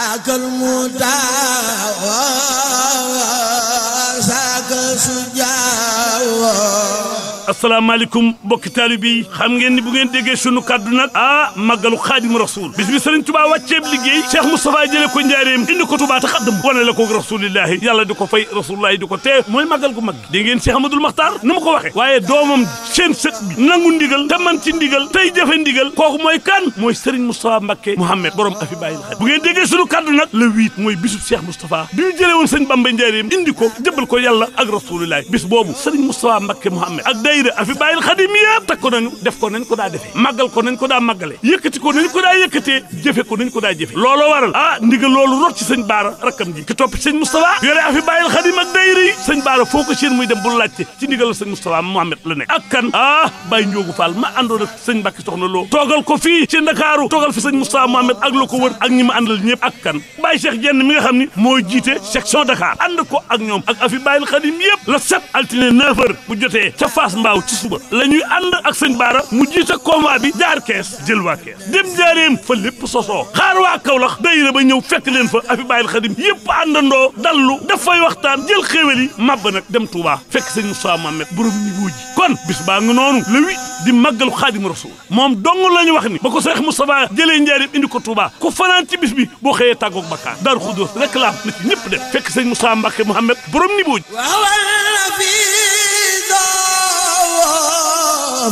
saaka almutawaa saaka sujaawa asalaamaaleykum mbokki taalibe yi xam ngeen ni bu ngeen déggee sunu kaddu nag ah màggalu xaadim rasul bis bi sëriñ Tuubaa wàcceeb liggéey Cheikh Moustapha jële ko njaareem indi ko Tuubaa taxaddam wane la ko rasulillahi yàlla di ko fay rasulillahi di ko tee mooy màggal gu mag gi dégg ngeen Cheikh Amadul Maxtaar na ma ko waxe waaye doomam seen sët bi nangu ndigal te man ci ndigal tey jafe ndigal kooku mooy kan mooy sëriñ Moustapha Mbakke Mouhamed borom afi bàyyil xaj bu ngeen déggee sunu kaddu nag le huit mooy bisub Cheikh Moustapha bi ñu jëlee woon sëñ Bamba njaareem indi ko jëbal ko yàlla ak rasulillahi bis boobu sëriñ Moustapha Mbakke Mouhamed ak day xasida alfi bàyyil xadim yëpp teg ko nañu def ko nañ ko daa defee màggal ko nañ ko daa màggale yëkkati ko nañ ko daa yëkkatee jëfe ko nañ ko daa jëfe looloo waral ah ndigal loolu rot ci sëñ baara rakkam ji ki topp sëñ Moustapha yore afi bàyyil xadim ak dayri sëñ baara foo ko seen muy dem bu laajte ci ndigal sëñ Moustapha Mohamed la nekk ak kan ah Baye Ndiogu Fall ma àndoon ak sëñ Mbàkke soxna loo toogal ko fii ci Ndakaaru toogal fi sëñ Moustapha Mohamed a la ko wër ak ñi ma àndal ñëpp ak kan Baye Cheikh Jenn mi nga xam ni mooy jiite section Dakar ànd ko mbaaw ci suba la ñuy ànd ak sëñ Baara mu jiite convoi bi jaar kees jël waa kees dem jaareem fa lépp sosoo xaar waa Kaolack dayira ba ñëw fekk leen fa afi bàyyil xadim yëpp àndandoo dallu dafay waxtaan jël xéewal yi màbba nag dem Touba fekk sëñ Moussa Mamet borom niveau ji kon bis baa nga noonu le huit di màggalu xaadim rasul moom dong la ñu wax ni ba ko Seex Moustapha jëlee njaareem indi ko Touba ko fanaan ci bis bi boo xëyee tàggoog bakkaar daaru xudóos réclame na ci ñëpp dem fekk sëñ Moussa Mbacke Mouhamed borom niveau ji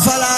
fala